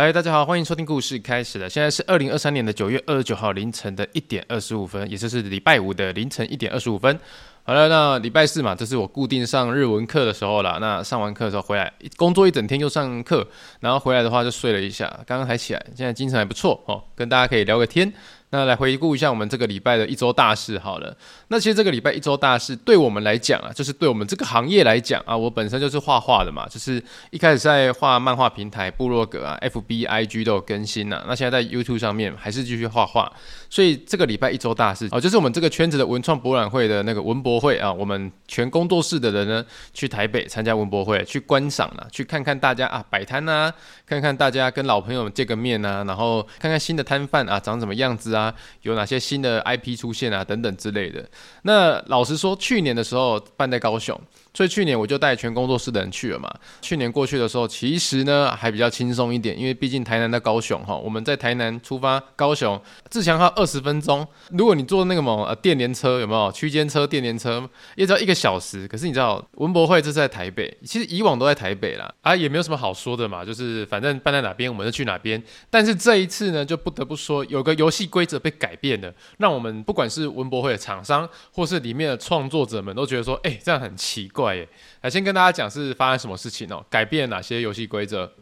嗨，大家好，歡迎收聽故事開始了。現在是二零二三年的九月二十九號凌晨的一點二十五分，也就是禮拜五的凌晨一點二十五分。好了，那禮拜四嘛，這是我固定上日文課的時候了。那上完課之後回來，工作一整天又上課，然後回來的話就睡了一下。剛剛才起來，現在精神還不錯哦，跟大家可以聊個天。那來回顧一下我們這個禮拜的一周大事好了。那其實這個禮拜一周大事對我們來講啊，就是對我們這個行業來講啊，我本身就是畫畫的嘛，就是一開始在畫漫畫平台部落格啊、FB、IG 都有更新啊，那現在在 YouTube 上面還是繼續畫畫。所以這個禮拜一周大事哦、啊，就是我們這個圈子的文創博覽會的那個文博會啊，我們全工作室的人呢去台北參加文博會，去觀賞了，去看看大家啊擺攤吶，看看大家跟老朋友見個面吶、啊，然後看看新的攤販啊長什麼樣子啊。啊，有哪些新的 IP 出現啊？等等之類的。那老實說，去年的時候辦在高雄。所以去年我就帶全工作室的人去了嘛。去年過去的時候，其實呢還比較輕鬆一點，因為畢竟台南的高雄哈，我們在台南出發高雄，自強號二十分鐘。如果你坐那個什麼電聯車，有沒有區間車、電聯車，也只要一個小時。可是你知道，文博會這是在台北，其實以往都在台北啦，啊，也沒有什麼好說的嘛，就是反正辦在哪邊，我們就去哪邊。但是這一次呢，就不得不說有個遊戲規則被改變了，讓我們不管是文博會的廠商，或是裡面的創作者們都覺得說，哎，這樣很奇怪。哎，先跟大家講是發生什麼事情哦，改變了哪些遊戲規則？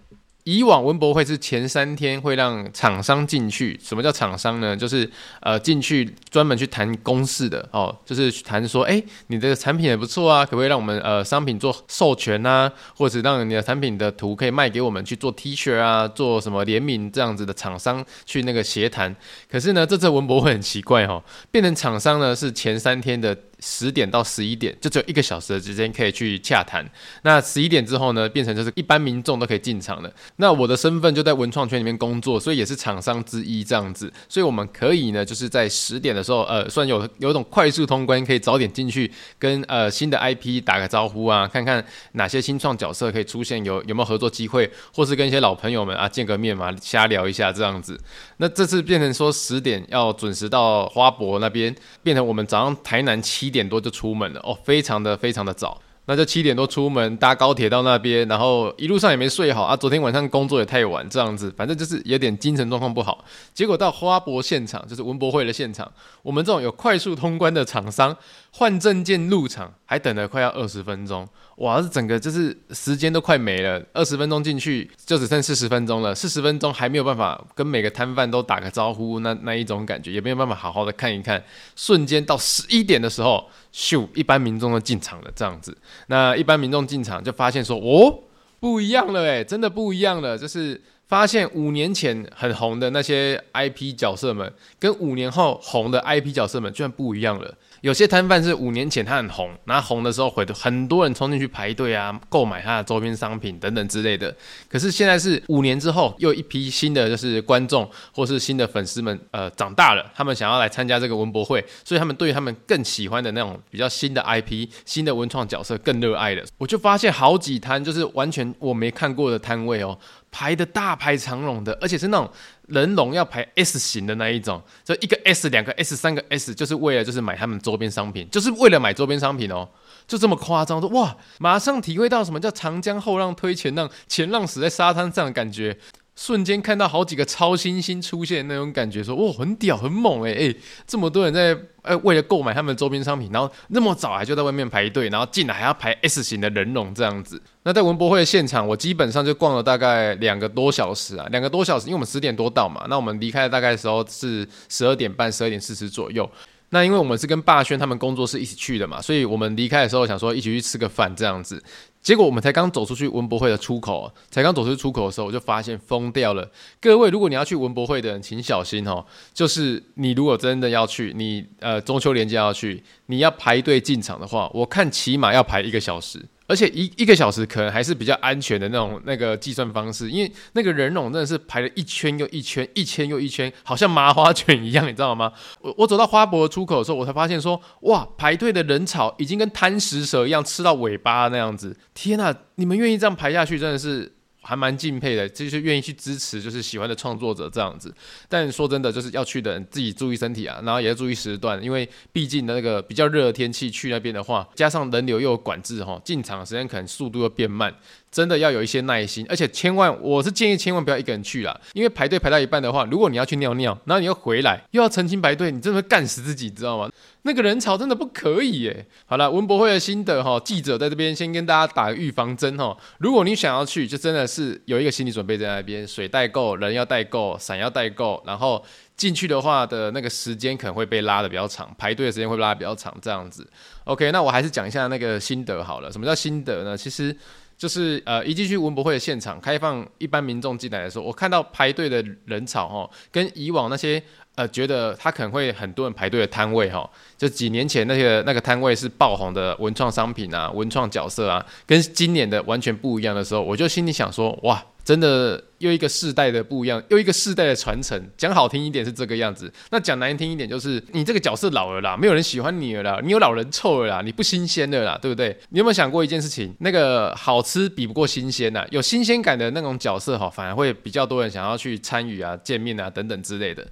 以往文博會是前三天會讓廠商進去，什麼叫廠商呢？就是呃進去專門去談公事的哦，就是談說，哎，你的產品也不錯啊，可不可以讓我們呃商品做授權啊？或者讓你的產品的圖可以賣給我們去做 T 恤啊，做什麼聯名這樣子的廠商去那個協談。可是呢，這次文博會很奇怪哦，變成廠商呢是前三天的。十點到十一點，就只有一個小時的時間可以去洽談。那十一點之後呢，變成就是一般民眾都可以進場了。那我的身份就在文創圈裡面工作，所以也是廠商之一這樣子。所以我們可以呢，就是在十點的時候，呃，算有有有一種快速通關，可以早點進去跟呃新的 IP 打個招呼啊，看看哪些新創角色可以出現，有有沒有合作機會，或是跟一些老朋友們啊見個面嘛，瞎聊一下這樣子。那這次變成說十點要準時到花博那邊，變成我們早上台南七。七點多就出門了哦，非常的非常的早。那就七點多出門，搭高鐵到那邊，然後一路上也沒睡好啊。昨天晚上工作也太晚，這樣子，反正就是有點精神狀況不好。結果到花博現場，就是文博會的現場，我們這種有快速通關的廠商。換證件入場，還等了快要二十分鐘，哇！這整個就是時間都快沒了，二十分鐘進去就只剩四十分鐘了，四十分鐘還沒有辦法跟每個攤販都打個招呼那，那那一種感覺也沒有辦法好好的看一看。瞬間到十一點的時候，咻！一般民眾都進場了這樣子。那一般民眾進場就發現說，哦，不一樣了，哎，真的不一樣了，就是。發現五年前很紅的那些 IP 角色們，跟五年後紅的 IP 角色們居然不一樣了。有些攤販是五年前他很紅，然後紅的時候回頭很多人衝進去排隊啊，購買他的周邊商品等等之類的。可是現在是五年之後，又一批新的就是觀眾或是新的粉絲們，呃，長大了，他們想要來參加這個文博會，所以他們對於他們更喜歡的那種比較新的 IP、新的文創角色更熱愛了。我就發現好幾攤就是完全我沒看過的攤位哦、喔。排的大排長龍的，而且是那種人龍要排 S 型的那一種，就一個 S、兩個 S、三個 S，就是為了就是買他們周邊商品，就是為了買周邊商品哦、喔，就這麼誇張，說哇，馬上體會到什麼叫長江後浪推前浪，前浪死在沙灘上的感覺。瞬間看到好幾個超新星，星出現，那種感覺說哇，很屌，很猛誒、欸！欸」誒，這麼多人在誒、欸，為了購買他們周邊商品，然後那麼早還就在外面排隊，然後進來還要排 S 型的人龍這樣子。那在文博會的現場，我基本上就逛了大概兩個多小時啊，兩個多小時，因為我們十點多到嘛，那我們離開大概的時候是十二點半、十二點四十左右。那因為我們是跟霸軒他們工作室一起去的嘛，所以我們離開的時候想說一起去吃個飯這樣子。結果我們才剛走出去文博會的出口，才剛走出去出口的時候，我就發現瘋掉了。各位，如果你要去文博會的人，請小心哦、喔。就是你如果真的要去，你呃中秋連假要去，你要排隊進場的話，我看起碼要排一個小時。而且一一個小時可能還是比較安全的那種那個計算方式，因為那個人龍真的是排了一圈又一圈，一圈又一圈，好像麻花捲一樣，你知道嗎？我我走到花博出口的時候，我才發現說，哇，排隊的人潮已經跟貪食蛇一樣吃到尾巴那樣子。天哪，你們願意這樣排下去，真的是。還蠻敬佩的，就是願意去支持，就是喜歡的創作者這樣子。但說真的，就是要去的人自己注意身體啊，然後也要注意時段，因為畢竟的那個比較熱的天氣去那邊的話，加上人流又有管制哈，進場時間可能速度又變慢。真的要有一些耐心，而且千萬，我是建議千萬不要一個人去啦，因為排隊排到一半的話，如果你要去尿尿，然後你又回來又要重新排隊，你真的會幹死自己，知道嗎？那個人潮真的不可以耶。好了，文博會的心得哈，記者在這邊先跟大家打預防針哈，如果你想要去，就真的是有一個心理準備在那邊，水帶夠，人要帶夠，傘要帶夠，然後進去的話的那個時間可能會被拉得比較長，排隊的時間會拉得比較長這樣子。OK，那我還是講一下那個心得好了，什麼叫心得呢？其實。就是呃，一進去文博會的現場開放，一般民眾進來的時候，我看到排隊的人潮哦，跟以往那些呃覺得他可能會很多人排隊的攤位哈，就幾年前那些、個、那個攤位是爆紅的文創商品啊、文創角色啊，跟今年的完全不一樣的時候，我就心裡想說哇。真的又一個世代的不一樣，又一個世代的傳承。講好聽一點是這個樣子，那講難聽一點就是你這個角色老了啦，沒有人喜歡你了啦，你有老人臭了啦，你不新鮮了啦，對不對？你有沒有想過一件事情？那個好吃比不過新鮮吶，有新鮮感的那種角色哈，反而會比較多人想要去參與啊、見面啊等等之類的。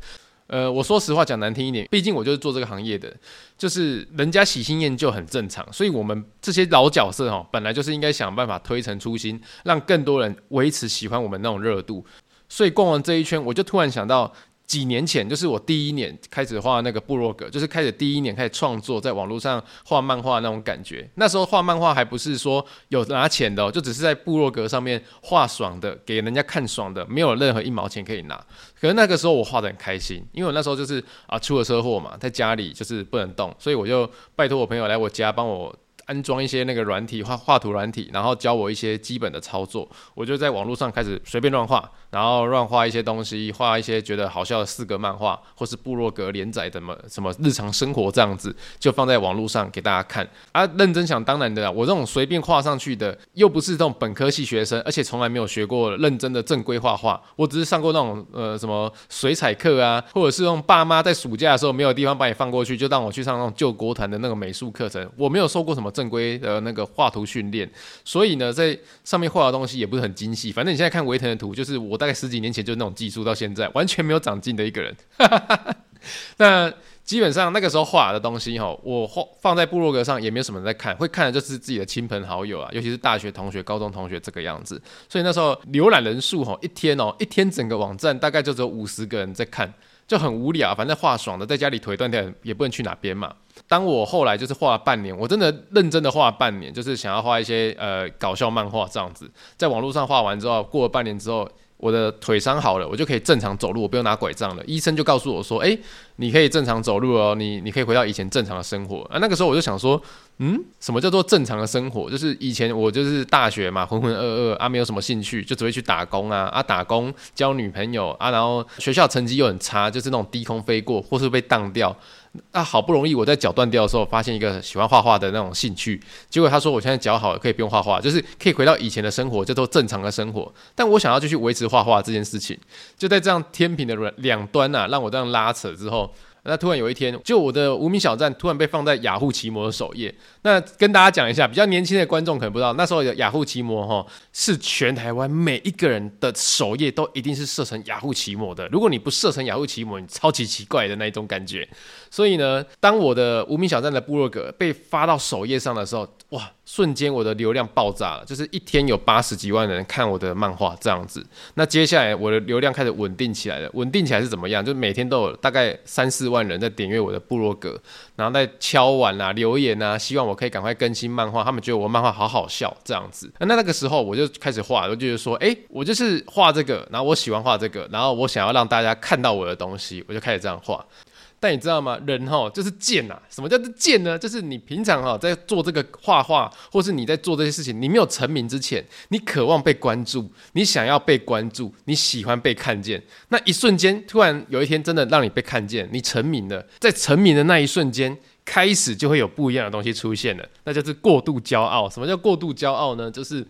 呃，我說實話講難聽一點，畢竟我就是做這個行業的，就是人家喜新厭舊很正常，所以我們這些老角色哦，本來就是應該想辦法推陳出新，讓更多人維持喜歡我們那種熱度。所以逛完這一圈，我就突然想到。幾年前，就是我第一年開始畫那個部落格，就是開始第一年開始創作，在網絡上畫漫畫那種感覺。那時候畫漫畫還不是說有拿錢的喔，就只是在部落格上面畫爽的，給人家看爽的，沒有任何一毛錢可以拿。可是那個時候我畫得很開心，因為我那時候就是啊出了車禍嘛，在家裡就是不能動，所以我就拜託我朋友來我家幫我安裝一些那個軟體，畫畫圖軟體，然後教我一些基本的操作，我就在網絡上開始隨便亂畫。然後亂畫一些東西，畫一些覺得好笑的四格漫畫，或是部落格連載怎麼什麼日常生活這樣子，就放在網絡上給大家看。啊，認真想當然的啦，我這種隨便畫上去的，又不是這種本科系學生，而且從來沒有學過認真的正規畫畫，我只是上過那種呃什麼水彩課啊，或者是用爸媽在暑假的時候沒有地方把你放過去，就讓我去上那種救國團的那個美術課程。我沒有受過什麼正規的那個畫圖訓練，所以呢，在上面畫的東西也不是很精細。反正你現在看維騰的圖，就是我。大概十幾年前就是那種技術，到現在完全沒有長進的一個人。 那基本上那個時候畫的東西哈、喔，我畫放在部落格上也沒有什麼人在看，會看的就是自己的親朋好友啊，尤其是大學同學、高中同學這個樣子。所以那時候瀏覽人數哈，一天哦、喔，一天整個網站大概就只有五十個人在看，就很無聊。反正畫爽的，在家裡腿斷掉也不能去哪邊嘛。當我後來就是畫了半年，我真的認真的畫了半年，就是想要畫一些呃搞笑漫畫這樣子，在網絡上畫完之後，過了半年之後。我的腿傷好了，我就可以正常走路，我不用拿拐杖了。醫生就告訴我說：“欸。”你可以正常走路哦，你你可以回到以前正常的生活啊。那個時候我就想說，嗯，什麼叫做正常的生活？就是以前我就是大學嘛，渾渾噩噩啊，沒有什麼興趣，就只會去打工啊啊，打工交女朋友啊，然後學校成績又很差，就是那種低空飛過或是被蕩掉。啊，好不容易我在腳斷掉的時候，發現一個喜歡畫畫的那種興趣。結果他說我現在腳好了，可以不用畫畫，就是可以回到以前的生活，叫做正常的生活。但我想要繼續維持畫畫這件事情，就在這樣天平的兩端啊，讓我這樣拉扯之後。那突然有一天，就我的無名小站突然被放在雅虎奇摩的首頁。那跟大家講一下，比較年輕的觀眾可能不知道，那時候的雅虎奇摩吼，是全台灣每一個人的首頁都一定是設成雅虎奇摩的。如果你不設成雅虎奇摩，你超級奇怪的那一種感覺。所以呢，當我的無名小站的部落格被發到首頁上的時候，哇！瞬間我的流量爆炸了，就是一天有八十幾萬人看我的漫畫這樣子。那接下來我的流量開始穩定起來了，穩定起來是怎麼樣？就是每天都有大概三四萬人在點閱我的部落格，然後在敲碗啊、留言啊，希望我可以趕快更新漫畫。他們覺得我的漫畫好好笑這樣子。那那個時候我就開始畫，我就覺得說，誒、欸，我就是畫這個，然後我喜歡畫這個，然後我想要讓大家看到我的東西，我就開始這樣畫。但你知道嗎？人哈就是賤啊。什麼叫做賤呢？就是你平常哈在做這個畫畫，或是你在做這些事情，你沒有成名之前，你渴望被關注，你想要被關注，你喜歡被看見。那一瞬間，突然有一天真的讓你被看見，你成名了。在成名的那一瞬間，開始就會有不一樣的東西出現了，那就是過度驕傲。什麼叫過度驕傲呢？就是。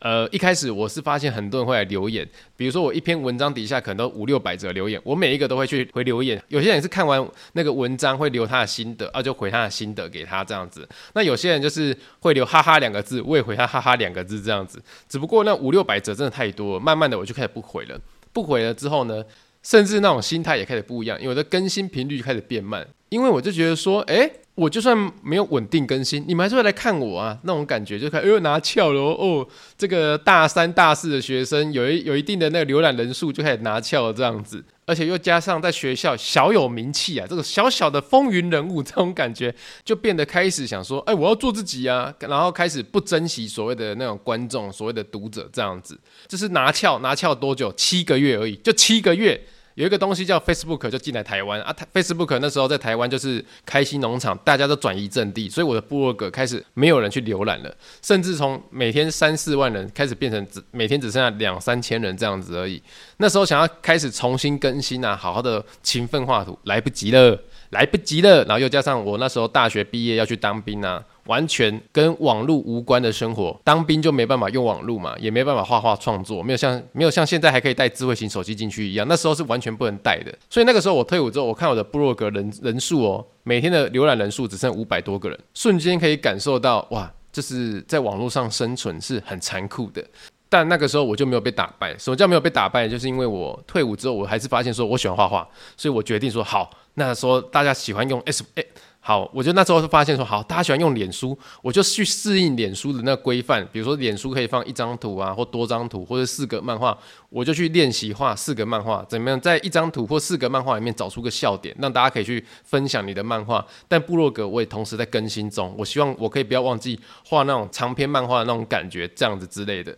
呃，一開始我是發現很多人會來留言，比如說我一篇文章底下可能都五六百則留言，我每一個都會去回留言。有些人是看完那個文章會留他的心得，啊就回他的心得給他這樣子。那有些人就是會留哈哈兩個字，我也回他哈哈兩個字這樣子。只不過那五六百則真的太多了，慢慢的我就開始不回了。不回了之後呢，甚至那種心態也開始不一樣，因為我的更新頻率就開始變慢，因為我就覺得說，誒、欸。我就算沒有穩定更新，你們還是會來看我啊？那種感覺就看，哎呦拿翹了哦！這個大三、大四的學生有一有一定的那個瀏覽人數，就開始拿翹這樣子，而且又加上在學校小有名氣啊，這個小小的風雲人物，這種感覺就變得開始想說，哎，我要做自己啊！然後開始不珍惜所謂的那種觀眾、所謂的讀者這樣子，就是拿翹，拿翹多久？七個月而已，就七個月。有一個東西叫 Facebook 就進來台灣啊，Facebook 那時候在台灣就是開心農場，大家都轉移陣地，所以我的部落格開始沒有人去瀏覽了，甚至從每天三四萬人開始變成只每天只剩下兩三千人這樣子而已。那時候想要開始重新更新啊，好好的勤奮畫圖，來不及了，來不及了。然後又加上我那時候大學畢業要去當兵啊。完全跟網路無關的生活，當兵就沒辦法用網路嘛，也沒辦法畫畫創作，沒有像沒有像現在還可以帶智慧型手機進去一樣，那時候是完全不能帶的。所以那個時候我退伍之後，我看我的部落格人人數哦，每天的瀏覽人數只剩五百多個人，瞬間可以感受到哇，這，就是在網絡上生存是很殘酷的。但那個時候我就沒有被打敗，什麼叫沒有被打敗？就是因為我退伍之後，我還是發現說我喜歡畫畫，所以我決定說好，那說大家喜歡用 S A、欸。好，我就那時候就發現說，好，大家喜歡用臉書，我就去適應臉書的那個規範，比如說臉書可以放一張圖啊，或多張圖，或者四格漫畫，我就去練習畫四格漫畫，怎麼樣在一張圖或四格漫畫裡面找出個笑點，讓大家可以去分享你的漫畫。但部落格我也同時在更新中，我希望我可以不要忘記畫那種長篇漫畫的那種感覺，這樣子之類的。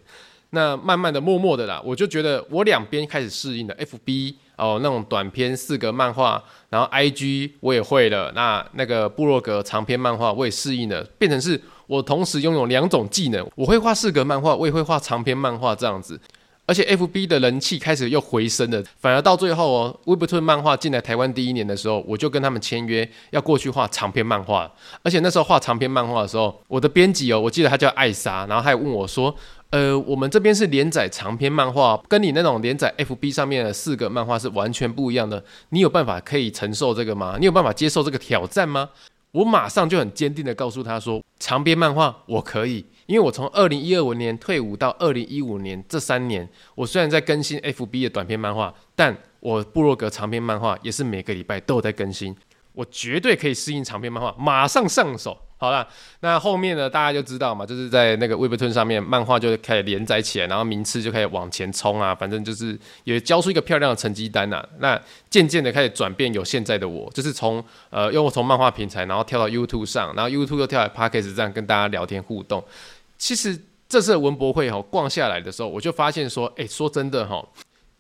那慢慢的、默默的啦，我就覺得我兩邊開始適應了。F B 哦，那種短篇四格漫畫，然後 I G 我也會了。那那個部落格長篇漫畫我也適應了，變成是我同時擁有兩種技能，我會畫四格漫畫，我也會畫長篇漫畫這樣子。而且 F B 的人氣開始又回升了，反而到最後哦，Webtoon 漫畫進來台灣第一年的時候，我就跟他們簽約，要過去畫長篇漫畫。而且那時候畫長篇漫畫的時候，我的編輯哦，我記得他叫艾莎，然後他還問我說。呃，我們這邊是連載長篇漫畫，跟你那種連載 FB 上面的四格漫畫是完全不一樣的。你有辦法可以承受這個嗎？你有辦法接受這個挑戰嗎？我馬上就很堅定的告訴他說，長篇漫畫我可以，因為我從二零一二年退伍到二零一五年這三年，我雖然在更新 FB 的短篇漫畫，但我部落格長篇漫畫也是每個禮拜都有在更新，我絕對可以適應長篇漫畫，馬上上手。好啦，那後面呢？大家就知道嘛，就是在那個 Webtoon 上面，漫畫就開始連載起來，然後名次就開始往前衝啊，反正就是也交出一個漂亮的成績單啊。那漸漸的開始轉變，有現在的我，就是從呃，因為我從漫畫平台，然後跳到 YouTube 上，然後 YouTube 又跳到 Podcast 這樣跟大家聊天互動。其實這次的文博會哈、哦、逛下來的時候，我就發現說，誒，說真的哈、哦。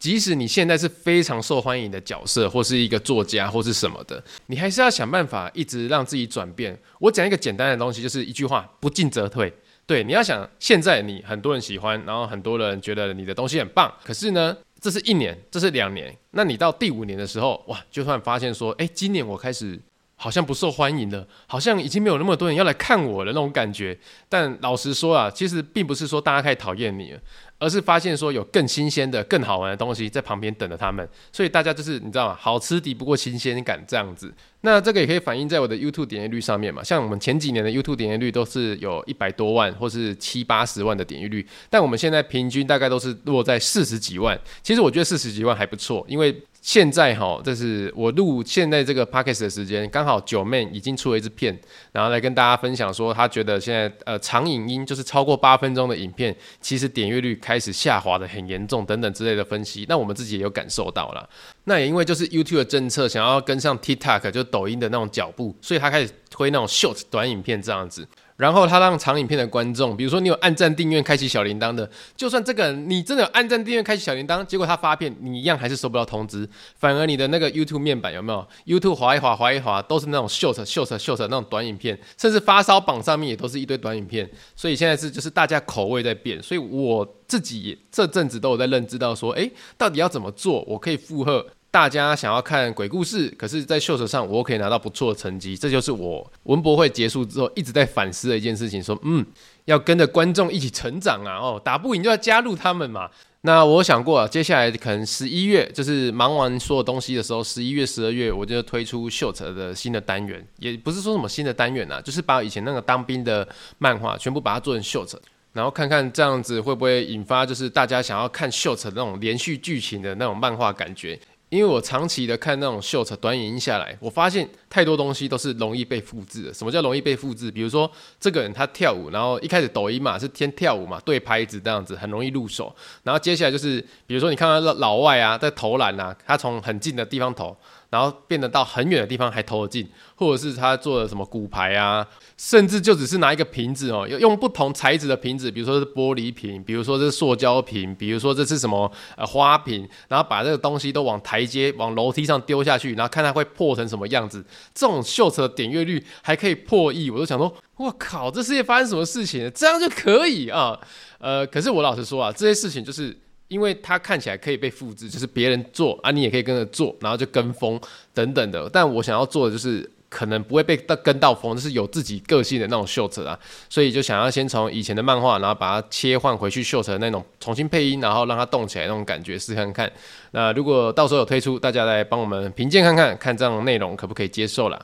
即使你現在是非常受歡迎的角色，或是一個作家，或是什麼的，你還是要想辦法一直讓自己轉變。我講一個簡單的東西，就是一句話：不進則退。對，你要想，現在你很多人喜歡，然後很多人覺得你的東西很棒，可是呢，這是一年，這是兩年，那你到第五年的時候，哇，就算發現說，哎、欸，今年我開始好像不受歡迎了，好像已經沒有那麼多人要來看我的那種感覺。但老實說啊，其實並不是說大家太討厭你了。而是發現說，有更新鮮的、更好玩的東西在旁邊等着他們，所以大家就是你知道嗎？好吃敵不過新鮮感這樣子。那這個也可以反映在我的 YouTube 點閱率上面嘛。像我們前幾年的 YouTube 點閱率都是有一百多萬或是七八十萬的點閱率，但我們現在平均大概都是落在四十幾萬。其實我覺得四十幾萬還不錯，因為現在哈，這是我錄現在這個 Podcast 的時間，剛好 Joeman 已經出了一支片，然後來跟大家分享說，他覺得現在呃長影音就是超過八分鐘的影片，其實點閱率。開始下滑的很嚴重，等等之類的分析，那我們自己也有感受到啦，那也因為就是 YouTube 的政策想要跟上 TikTok 就抖音的那種腳步，所以他開始推那種 short 短影片這樣子。然後他讓長影片的觀眾，比如說你有按讚訂閱開啟小鈴鐺的，就算這個你真的有按讚訂閱開啟小鈴鐺，結果他發片，你一樣還是收不到通知，反而你的那個 YouTube 面板有沒有？YouTube 滑一滑滑一滑，都是那種秀 h 秀 r 秀 s 那種短影片，甚至發燒榜上面也都是一堆短影片。所以現在是就是大家口味在變，所以我自己這陣子都有在認知到說，哎，到底要怎麼做，我可以附和。」大家想要看鬼故事，可是，在 Shorts 上我可以拿到不錯的成績。這就是我文博會結束之後一直在反思的一件事情。說，嗯，要跟着觀眾一起成長啊！哦，打不贏就要加入他們嘛。那我想過啊，接下來可能十一月就是忙完所有東西的時候，十一月、十二月我就推出 Shorts 的新的單元，也不是說什麼新的單元啊，就是把以前那個當兵的漫畫全部把它做成 Shorts，然後看看這樣子會不會引發就是大家想要看 Shorts 那種連續劇情的那種漫畫感覺。因為我長期的看那種 short 短影音下來，我發現太多東西都是容易被複製的。什麼叫容易被複製？比如說這個人他跳舞，然後一開始抖音嘛是先跳舞嘛，對拍子這樣子很容易入手。然後接下來就是，比如說你看到老外啊在投籃啊，他從很近的地方投。然後變得到很遠的地方還投了進，或者是他做了什麼骨牌啊，甚至就只是拿一個瓶子哦，用不同材質的瓶子，比如說是玻璃瓶，比如說這是塑膠瓶，比如說這是什麼花瓶，然後把這個東西都往台階、往樓梯上丟下去，然後看它會破成什麼樣子。這種 Shorts 的點閱率還可以破億，我都想說，我靠，這世界發生什麼事情？這樣就可以啊？呃，可是我老實說啊，這些事情就是。因為它看起來可以被複製，就是別人做啊，你也可以跟着做，然後就跟風等等的。但我想要做的就是可能不會被跟到風，就是有自己個性的那種 short 啊。所以就想要先從以前的漫畫，然後把它切換回去 short 那種，重新配音，然後讓它動起來那種感覺，試看看。那如果到時候有推出，大家來幫我們評鑑看看，看這樣的內容可不可以接受啦。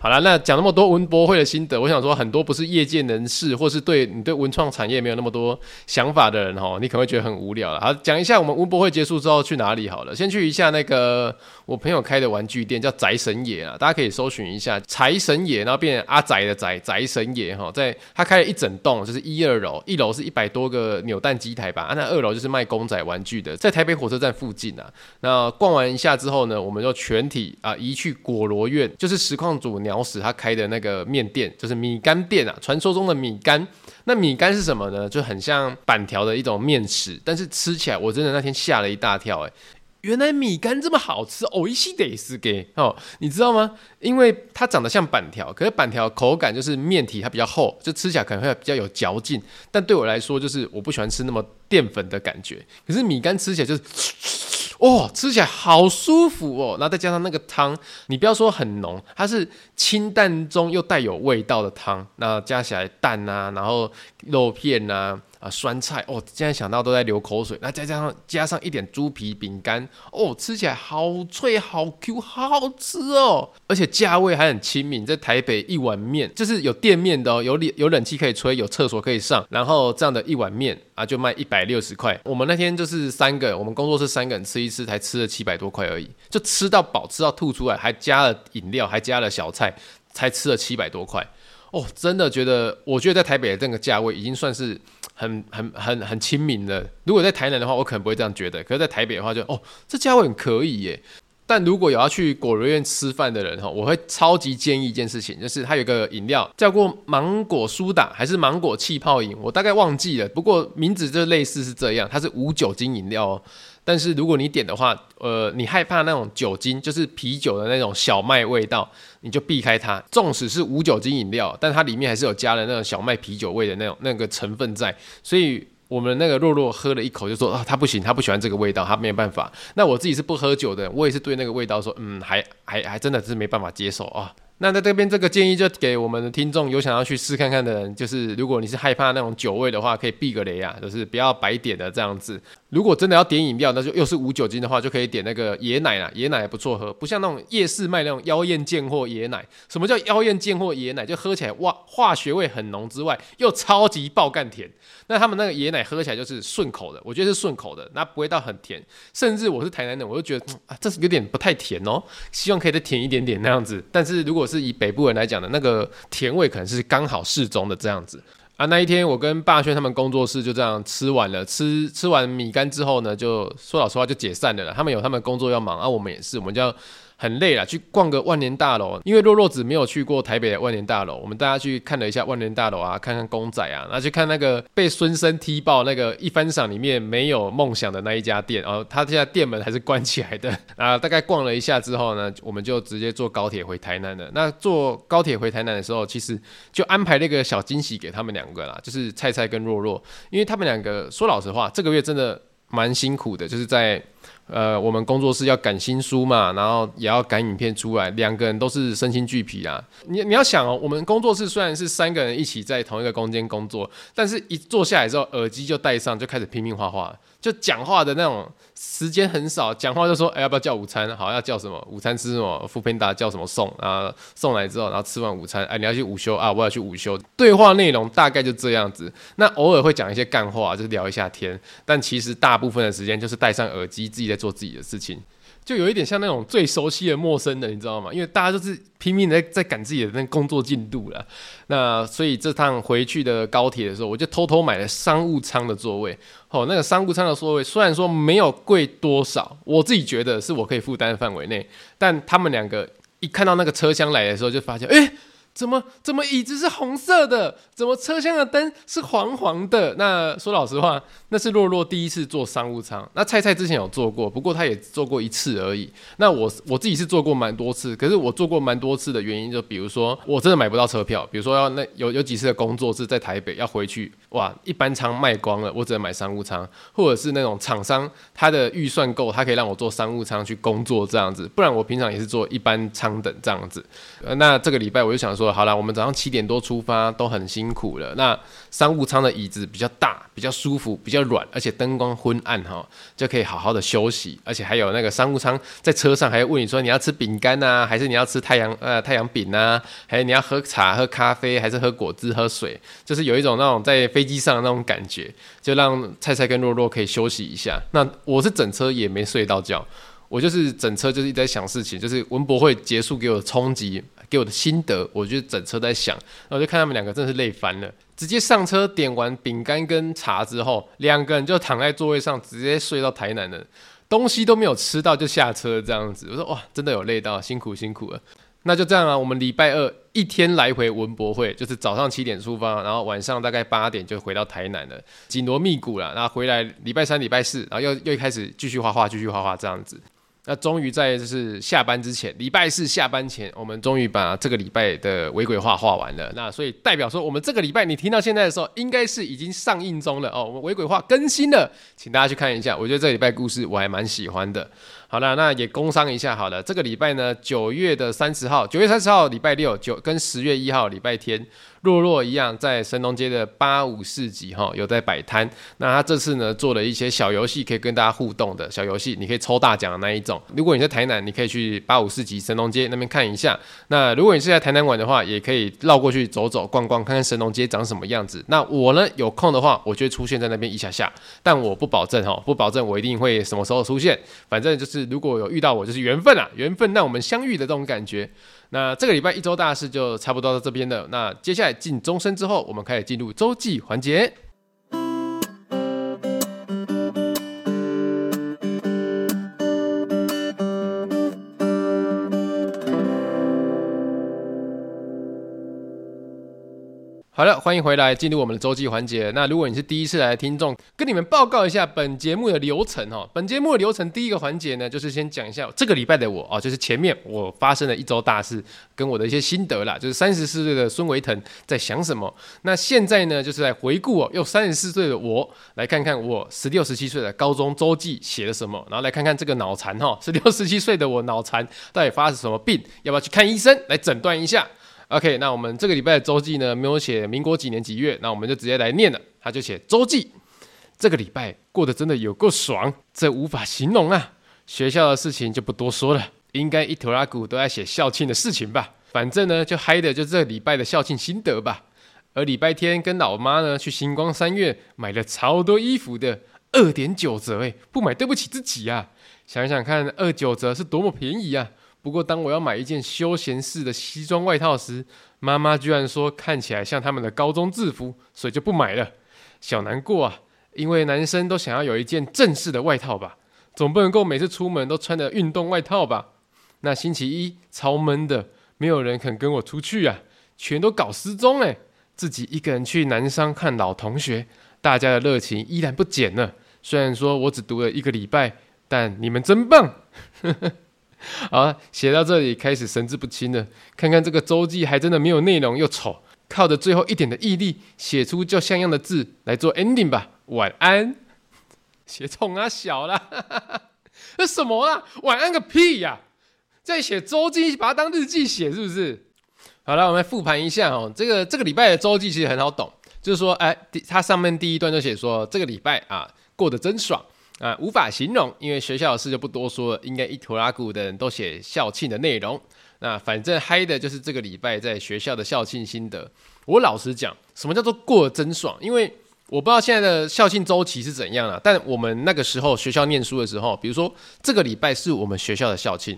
好了，那講那麼多文博會的心得，我想說很多不是業界人士或是對你對文創產業沒有那麼多想法的人哦、喔，你可能會覺得很無聊了。好，講一下我們文博會結束之後去哪裡好了。先去一下那個我朋友開的玩具店，叫宅神爺啊，大家可以搜尋一下“財神爺”，然後變成阿宅的宅宅神爺哈、喔，在他開了一整棟，就是一二樓，一樓是一百多個扭蛋機台吧，啊、那二樓就是賣公仔玩具的，在台北火車站附近啊。那逛完一下之後呢，我們就全體啊移去果羅院，就是實況組。苗時他開的那個麵店，就是米干店啊，傳說中的米干。那米干是什麼呢？就很像板條的一種麵食，但是吃起來我真的那天嚇了一大跳，哎，原來米干這麼好吃，偶一西得是給哦，你知道嗎？因為它長得像板條，可是板條口感就是麵體它比較厚，就吃起來可能會比較有嚼勁，但對我來說就是我不喜歡吃那麼澱粉的感覺，可是米干吃起來就是。哦，吃起來好舒服哦！然後再加上那個湯，你不要說很濃，它是清淡中又帶有味道的湯。那加起來蛋啊，然後肉片啊。啊，酸菜哦，現在想到都在流口水。那再加上加上一點豬皮餅乾哦，吃起來好脆、好 Q、好好吃哦。而且價位還很親民，在台北一碗麵就是有店面的哦，有冷有冷氣可以吹，有廁所可以上。然後這樣的一碗面啊，就賣一百六十塊。我們那天就是三個人，我們工作室三個人吃一次才吃了七百多塊而已，就吃到飽，吃到吐出來，還加了飲料，還加了小菜，才吃了七百多塊。哦，真的覺得，我覺得在台北的這個價位已經算是很、很、很、很親民了。如果在台南的話，我可能不會這樣覺得。可是，在台北的話就，就哦，這價位很可以耶。但如果有要去果仁院吃飯的人哈，我會超級建議一件事情，就是它有一個飲料叫做芒果蘇打，還是芒果氣泡飲，我大概忘記了。不過名字就類似是這樣，它是無酒精飲料哦。但是如果你點的話，呃，你害怕那種酒精，就是啤酒的那種小麥味道，你就避開它。縱使是無酒精飲料，但它裡面還是有加了那種小麥啤酒味的那種那個成分在。所以，我們那個弱弱喝了一口就說啊，他不行，他不喜歡這個味道，他沒有辦法。那我自己是不喝酒的，我也是對那個味道說，嗯，還還還真的是沒辦法接受啊。那在這邊這個建議就給我們的聽眾有想要去試看看的人，就是如果你是害怕那種酒味的話，可以避個雷啊，就是不要白點的這樣子。如果真的要點飲料，那就又是無酒精的話，就可以點那個椰奶啦，椰奶也不錯喝，不像那種夜市賣那種妖艷賤貨椰奶。什麼叫妖艷賤貨椰奶？就喝起來哇，化學味很濃之外，又超級爆乾甜。那他們那個椰奶喝起來就是順口的，我覺得是順口的，那不會到很甜。甚至我是台南人，我就覺得啊，這是有點不太甜哦。希望可以再甜一點點那樣子。但是如果是以北部人來講的，那個甜味可能是剛好適中的這樣子。啊，那一天我跟霸軒他們工作室就這樣吃完了，吃吃完米干之後呢，就說老實話就解散了。他們有他們工作要忙，啊，我們也是，我們就要。很累了，去逛個萬年大樓，因為若若子沒有去過台北的萬年大樓，我們大家去看了一下萬年大樓啊，看看公仔啊，那去看那個被孫生踢爆那個一番賞裡面沒有夢想的那一家店，然後他這家店門還是關起來的啊。大概逛了一下之後呢，我們就直接坐高鐵回台南了。那坐高鐵回台南的時候，其實就安排那個小驚喜給他們兩個啦，就是蔡蔡跟若若，因為他們兩個說老實話，這個月真的蠻辛苦的，就是在。呃，我們工作室要趕新書嘛，然後也要趕影片出來，兩個人都是身心俱疲啊。你你要想哦，我們工作室雖然是三個人一起在同一個空間工作，但是一坐下來之後，耳機就戴上，就開始拼命畫畫，就講話的那種。時間很少，講話就說：“哎、欸，要不要叫午餐？好，要叫什麼？午餐吃什麼？富胖達叫什麼送？啊，送來之後，然後吃完午餐，哎、欸，你要去午休啊？我要去午休。對話內容大概就這樣子。那偶爾會講一些幹話、啊，就是聊一下天。但其實大部分的時間就是戴上耳機，自己在做自己的事情。”就有一點像那種最熟悉的陌生人，你知道嗎？因為大家都是拼命的在趕自己的那工作進度了。那所以這趟回去的高鐵的時候，我就偷偷買了商務艙的座位。哦，那個商務艙的座位雖然說沒有貴多少，我自己覺得是我可以負擔的範圍內，但他們兩個一看到那個車廂來的時候，就發現，誒、欸。怎麼怎麼椅子是紅色的？怎麼車廂的燈是黃黃的？那說老實話，那是洛洛第一次坐商務艙。那蔡蔡之前有坐過，不過他也坐過一次而已。那我我自己是坐過蠻多次，可是我坐過蠻多次的原因，就比如說我真的買不到車票，比如說要那有有幾次的工作是在台北要回去，哇，一般艙賣光了，我只能買商務艙，或者是那種廠商他的預算夠，他可以讓我坐商務艙去工作這樣子。不然我平常也是坐一般艙等這樣子。呃，那這個禮拜我就想說。好了，我們早上七點多出發，都很辛苦了。那商務艙的椅子比較大，比較舒服，比較軟，而且燈光昏暗哈，就可以好好的休息。而且還有那個商務艙在車上，還會問你說你要吃餅乾啊，還是你要吃太陽呃太陽餅啊，還是你要喝茶、喝咖啡，還是喝果汁、喝水？就是有一種那種在飛機上那種感覺，就讓菜菜跟洛洛可以休息一下。那我是整車也沒睡到覺，我就是整車就是一直在想事情，就是文博會結束給我衝擊。給我的心得，我就整車在想，然後就看他們兩個真是累翻了，直接上車點完餅乾跟茶之後，兩個人就躺在座位上直接睡到台南了，東西都沒有吃到就下車這樣子。我說哇，真的有累到，辛苦辛苦了。那就這樣啊，我們禮拜二一天來回文博會，就是早上七點出發，然後晚上大概八點就回到台南了，緊鑼密鼓了。然後回來禮拜三、禮拜四，然後又又開始繼續畫畫、繼續畫畫這樣子。那終於在就是下班之前，禮拜四下班前，我們終於把這個禮拜的尾鬼畫畫完了。那所以代表說，我們這個禮拜你聽到現在的時候，應該是已經上映中了哦。我們尾鬼畫更新了，請大家去看一下。我覺得這個禮拜故事我還蠻喜歡的。好了，那也工商一下好了。這個禮拜呢，九月的三十號，九月三十號禮拜六，九跟十月一號禮拜天。弱弱一樣在神農街的八五四級哈，有在擺攤，那他這次呢做，了一些小遊戲，可以跟大家互動的小遊戲，你可以抽大獎的那一種。如果你在台南，你可以去八五四級神農街那邊看一下。那如果你是在台南玩的話，也可以繞過去走走逛逛，看看神農街長什麼樣子。那我呢有空的話，我就會出現在那邊一下下，但我不保證哈，不保證我一定會什麼時候出現。反正就是如果有遇到我，就是緣分啦，緣分讓我們相遇的這種感覺。那這個禮拜一周大事就差不多到這邊了。那接下來進終身之後，我們開始進入周記環節。好了，歡迎回來，進入我們的周記環節。那如果你是第一次來的聽眾，跟你們報告一下本節目的流程哈、喔。本節目的流程，第一個環節呢，就是先講一下這個禮拜的我啊、喔，就是前面我發生了一周大事跟我的一些心得啦，就是三十四歲的孫維騰在想什麼。那現在呢，就是來回顧哦，用三十四歲的我來看看我十六十七歲的高中周記寫了什麼，然後來看看這個腦殘哈，十六十七歲的我腦殘到底發生什麼病，要不要去看醫生來診斷一下？OK，那我們這個禮拜的周記呢，沒有寫民國幾年幾月，那我們就直接來念了。他就寫周記，這個禮拜過得真的有夠爽，這無法形容啊！學校的事情就不多說了，應該一拖拉庫都在寫校慶的事情吧？反正呢，就嗨的就這個禮拜的校慶心得吧。而禮拜天跟老媽呢去新光三越買了超多衣服的二點九折，哎，不買對不起自己啊！想一想看二九折是多麼便宜啊！不過，當我要買一件休閒式的西裝外套時，媽媽居然說看起來像他們的高中制服，所以就不買了。小難過啊，因為男生都想要有一件正式的外套吧，總不能夠每次出門都穿着運動外套吧。那星期一超悶的，沒有人肯跟我出去啊，全都搞失蹤誒，自己一個人去南山看老同學，大家的熱情依然不減呢。雖然說我只讀了一個禮拜，但你們真棒。 好，寫、啊、到這裡開始神志不清了。看看這個週記，還真的沒有內容，又醜。靠着最後一點的毅力，寫出較像樣的字來做 ending 吧。晚安。寫錯啊，小啦、哈哈哈那 什麼啊？晚安個屁呀，啊！在寫週記，把它當日記寫是不是？好了，我們復盤一下哦、喔。這個這個禮拜的週記其實很好懂，就是說，哎、呃，它上面第一段就寫說，這個禮拜啊，過得真爽。啊，無法形容，因為學校的事就不多說了。應該一坨拉古的人都寫校慶的內容。那反正嗨的就是這個禮拜在學校的校慶心得。我老實講，什麼叫做過真爽？因為我不知道現在的校慶週期是怎樣了啊。但我們那個時候學校念書的時候，比如說這個禮拜是我們學校的校慶，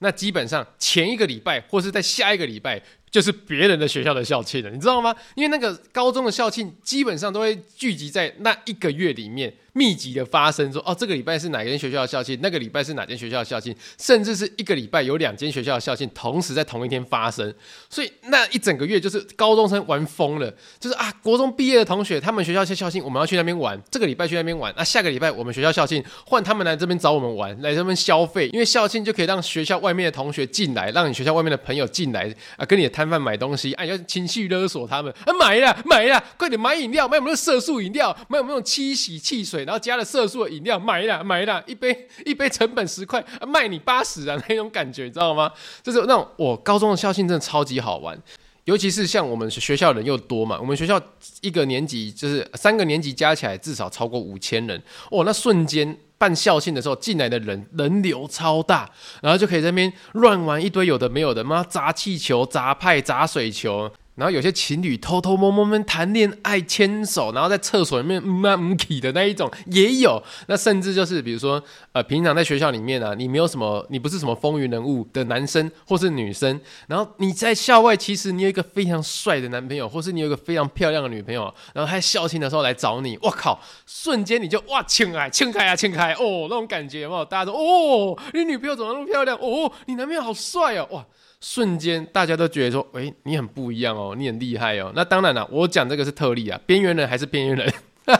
那基本上前一個禮拜或是在下一個禮拜。就是別人的學校的校慶了，你知道嗎？因為那個高中的校慶基本上都會聚集在那一個月裡面，密集的發生說，說哦，這個禮拜是哪間學校的校慶，那個禮拜是哪間學校的校慶，甚至是一個禮拜有兩間學校的校慶同時在同一天發生。所以那一整個月就是高中生玩瘋了，就是啊，國中畢業的同學，他們學校校校慶，我們要去那邊玩。這個禮拜去那邊玩，啊，下個禮拜我們學校校慶，換他們來這邊找我們玩，來這邊消費，因為校慶就可以讓學校外面的同學進來，讓你學校外面的朋友進來啊，跟你的談。吃飯買東西，哎、啊，要情緒勒索他們，啊買，買了，買了，快點買飲料，買有沒有色素飲料，買有沒有七喜汽、汽水，然後加了色素的飲料，買了，買了一杯一杯成本十塊，啊，賣你八十啊，那種感覺，你知道嗎？就是那種，我、哦、高中的校慶真的超級好玩，尤其是像我們學校的人又多嘛，我們學校一個年級就是三個年級加起來至少超過五千人，哦，那瞬間。辦校慶的時候，進來的人人流超大，然後就可以在那邊亂玩一堆有的沒有的，嘛砸氣球、砸派、砸水球。然後有些情侶偷偷摸摸們談戀，戀愛牽手，然後在廁所裡面嗯啊嗯起的那一種也有。那甚至就是比如說，呃，平常在學校裡面啊，你沒有什麼，你不是什麼風雲人物的男生或是女生，然後你在校外，其實你有一個非常帥的男朋友或是你有一個非常漂亮的女朋友，然後他在校慶的時候來找你，我靠，瞬間你就哇，親啊，親開啊，親開哦，那種感覺有沒有？大家都哦，你女朋友怎麼那麼漂亮哦，你男朋友好帥哦，哇。瞬間，大家都覺得說：“誒、欸，你很不一樣哦，你很厲害哦。”那當然了、啊，我講這個是特例啊，邊緣人還是邊緣人，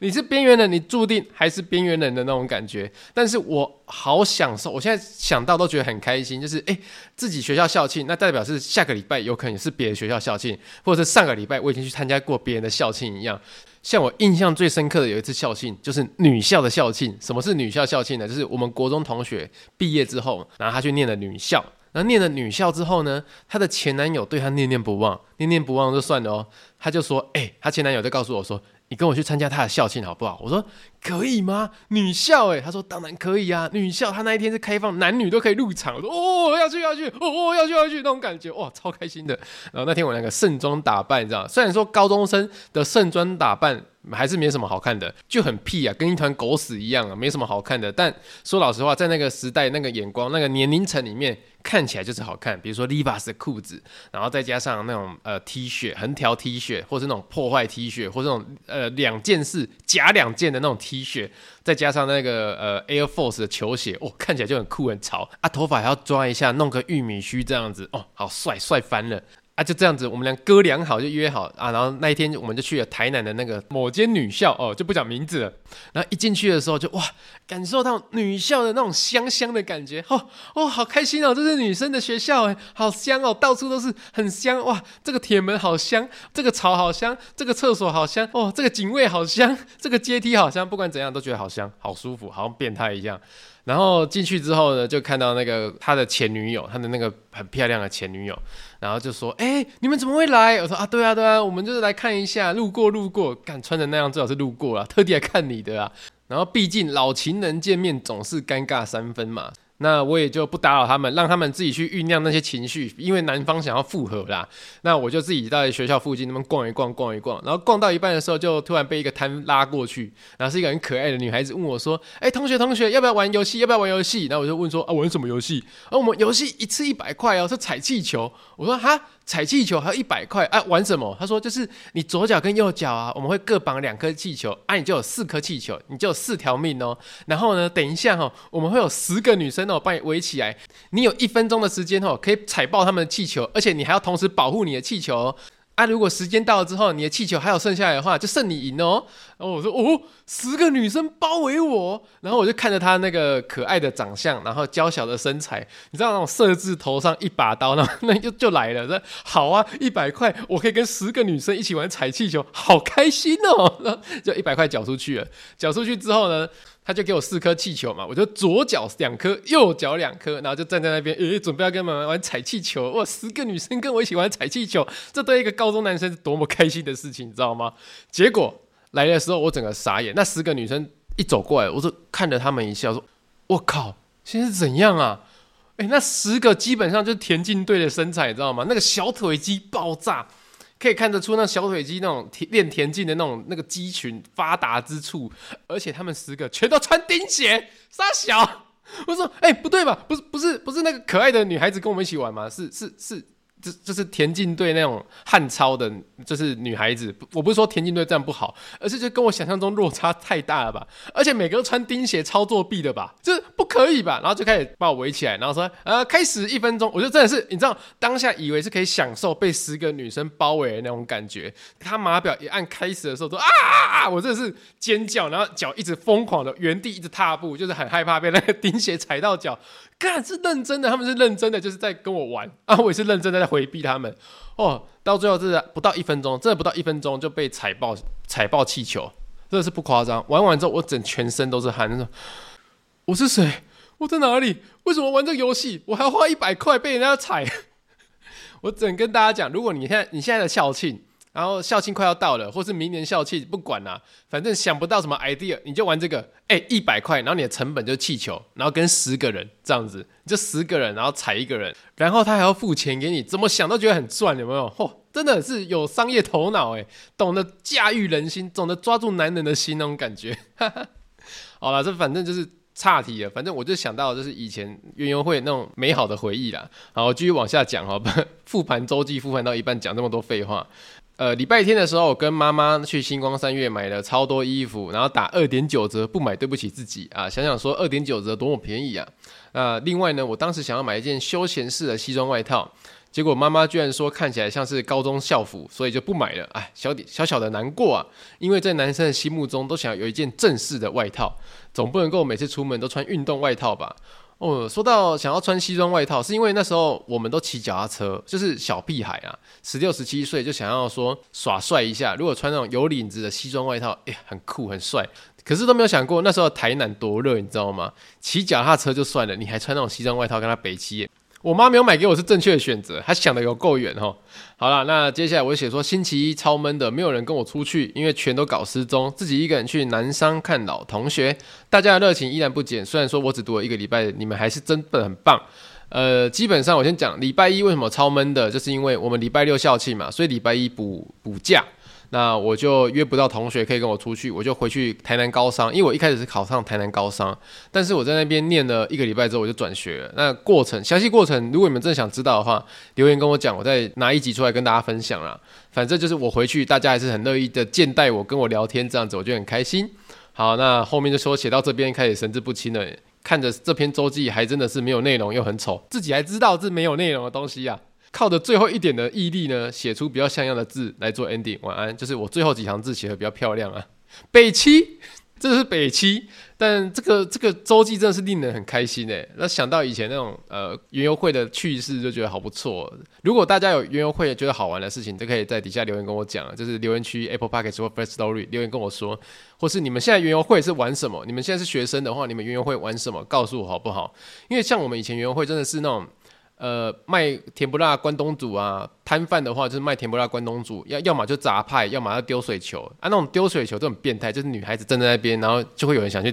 你是邊緣人，你注定還是邊緣人的那種感覺。但是我好享受，我現在想到都覺得很開心，就是誒、欸，自己學校校慶，那代表是下個禮拜有可能是別的學校校慶，或者是上個禮拜我已經去參加過別人的校慶一樣。像我印象最深刻的有一次校慶，就是女校的校慶。什麼是女校校慶呢？就是我們國中同學畢業之後，然後他去念了女校。然後念了女校之後呢，她的前男友對她念念不忘，念念不忘就算了哦，她就說，哎、欸，她前男友就告訴我說，你跟我去參加她的校慶好不好？我說。可以嗎？女校哎！他說當然可以啊，女校她那一天是開放，男女都可以入場。我說哦，要去要去，哦要去要去，要去那種感覺，哇，超開心的。然後那天我那個盛裝打扮，你知道，雖然說高中生的盛裝打扮還是沒什麼好看的，就很屁啊，跟一團狗屎一樣啊，沒什麼好看的。但說老實話，在那個時代那個眼光那個年齡層裡面，看起來就是好看。比如說 Levi's 的褲子，然後再加上那種呃 T 恤，橫條 T 恤，shirt, 或是那種破壞 T 恤，shirt, 或是那種呃兩件式假兩件的那種 T。T 恤，shirt, 再加上那個呃 Air Force 的球鞋，哦，看起來就很酷很潮啊！頭髮還要抓一下，弄個玉米鬚這樣子，哦，好帥，帥翻了。啊，就這樣子，我們倆哥倆好就約好啊，然後那一天我們就去了台南的那個某間女校哦，就不講名字了。然後一進去的時候就哇，感受到女校的那種香香的感覺哦哦，好開心哦，這是女生的學校誒，好香哦，到處都是很香哇，這個鐵門好香，這個草好香，這個廁所好香哦，這個警衛好香，這個階梯好香，不管怎樣都覺得好香，好舒服，好像變態一樣。然後進去之後呢，就看到那個他的前女友，他的那個很漂亮的前女友。然後就說：“哎、欸，你們怎麼會來？”我說：“啊，對啊，對啊，我們就是來看一下，路過路過，幹穿成那樣，最好是路過啦，特地來看你的啊。”然後畢竟老情人見面總是尷尬三分嘛，那我也就不打擾他們，讓他們自己去醞釀那些情緒，因為男方想要復合啦。那我就自己在學校附近那邊逛一逛，逛一逛。然後逛到一半的時候，就突然被一個攤拉過去，然後是一個很可愛的女孩子問我說：“哎、欸，同學，同學，要不要玩遊戲？要不要玩遊戲？”然後我就問說：“啊，玩什麼遊戲？”“而、啊、我們遊戲一次一百塊哦，是踩氣球。”我說哈，踩氣球還有一百塊？哎、啊，玩什麼？他說就是你左腳跟右腳啊，我們會各綁兩顆氣球，哎、啊，你就有四顆氣球，你就有四條命哦。然後呢，等一下哈、哦，我們會有十個女生哦，幫你圍起來，你有一分鐘的時間哦，可以踩爆他們的氣球，而且你還要同時保護你的氣球哦。啊！如果時間到了之後，你的氣球還有剩下來的話，就剩你贏哦。然後我說：“哦，十個女生包圍我，然後我就看着她那個可愛的長相，然後嬌小的身材，你知道那種色字頭上一把刀，那那就就來了。說好啊，一百塊，我可以跟十個女生一起玩踩氣球，好開心哦！就一百塊繳出去了，繳出去之後呢？”他就給我四顆氣球嘛，我就左腳兩顆，右腳兩顆，然後就站在那邊，誒，準備要跟媽媽玩踩氣球。哇，十個女生跟我一起玩踩氣球，這對一個高中男生是多麼開心的事情，你知道嗎？結果來的時候，我整個傻眼，那十個女生一走過來，我就看着他們一笑，說：“我靠，現在是怎樣啊？”誒，那十個基本上就是田徑隊的身材，你知道嗎？那個小腿肌爆炸。可以看得出那小腿肌那種練田徑的那種那個肌群發達之處，而且他們十個全都穿釘鞋。傻小，我說哎、欸、不對吧，不是不是不是那個可愛的女孩子跟我們一起玩嗎？是是是。是就就是田徑隊那種漢草的，就是女孩子，我不是說田徑隊這樣不好，而是就跟我想象中落差太大了吧？而且每個人都穿釘鞋，超作弊的吧？就是不可以吧？然後就開始把我圍起來，然後說，呃，開始一分鐘，我就真的是，你知道，當下以為是可以享受被十個女生包圍的那種感覺。他碼表一按開始的時候就，說啊啊啊！我真的是尖叫，然後腳一直瘋狂的原地一直踏步，就是很害怕被那個釘鞋踩到腳。看，是認真的，他們是認真的，就是在跟我玩。啊，我也是認真的在回避他們。哦，到最後真的不到一分鐘，真的不到一分鐘就被踩爆，踩爆氣球，真的是不誇張。玩完之後，我整全身都是汗。說我是誰？我在哪裡？為什麼玩這個遊戲？我還要花一百塊被人家踩。 我整跟大家講，如果你現在你現在的校慶。然後校慶快要到了，或是明年校慶，不管啦、啊，反正想不到什麼 idea，你就玩這個，哎，一百塊，然後你的成本就是氣球，然後跟十個人這樣子，你就十個人，然後踩一個人，然後他還要付錢給你，怎麼想都覺得很賺，有沒有？嚯、哦，真的是有商業頭腦哎，懂得駕馭人心，懂得抓住男人的心那種感覺。 好了，這反正就是岔題了，反正我就想到就是以前園遊會那種美好的回憶啦。好，我繼續往下講哈、哦，復盤周記復盤到一半講那麼多廢話。呃，禮拜天的時候，我跟媽媽去星光三月買了超多衣服，然後打二點九折，不買對不起自己啊！想想說二點九折多麼便宜啊！呃，另外呢，我當時想要買一件休閒式的西裝外套，結果媽媽居然說看起來像是高中校服，所以就不買了。哎，小點小小的難過啊，因為在男生的心目中都想要有一件正式的外套，總不能夠每次出門都穿運動外套吧。哦，說到想要穿西裝外套，是因為那時候我們都騎腳踏車，就是小屁孩啊，十六十七歲就想要說耍帥一下。如果穿那種有領子的西裝外套，誒、欸，很酷很帥。可是都沒有想過那時候台南多熱，你知道嗎？騎腳踏車就算了，你還穿那種西裝外套跟他北七。我媽沒有買給我是正確的選擇，她想的有夠遠齁。好啦，那接下來我寫說星期一超悶的，沒有人跟我出去，因為全都搞失蹤，自己一個人去南商看老同學。大家的熱情依然不減，雖然說我只讀了一個禮拜，你們還是真的很棒。呃，基本上我先講禮拜一為什麼超悶的，就是因為我們禮拜六校慶嘛，所以禮拜一補補假。那我就約不到同學可以跟我出去，我就回去台南高商，因為我一開始是考上台南高商，但是我在那邊念了一個禮拜之後，我就轉學了。那過程，詳細過程，如果你們真的想知道的話，留言跟我講，我再拿一集出來跟大家分享啦。反正就是我回去，大家還是很樂意的接待我跟我聊天這樣子，我就很開心。好，那後面就說寫到這邊開始神志不清了，看着這篇週記還真的是沒有內容又很醜，自己還知道這沒有內容的東西啊。靠着最後一點的毅力呢，寫出比較像樣的字來做 ending。晚安，就是我最後幾行字寫的比較漂亮啊。北七，這是北七，但這個這個週記真的是令人很開心欸。那想到以前那種呃園遊會的趣事，就覺得好不錯哦。如果大家有園遊會覺得好玩的事情，都可以在底下留言跟我講，就是留言區 Apple Podcasts 或 Firstory 留言跟我說，或是你們現在園遊會是玩什麼？你們現在是學生的話，你們園遊會玩什麼？告訴我好不好？因為像我們以前園遊會真的是那種。呃，賣甜不辣關東煮啊，攤販的話就是賣甜不辣關東煮，要要麼就砸派，要麼要丟水球啊。那種丟水球這種變態，就是女孩子站在那邊，然後就會有人想去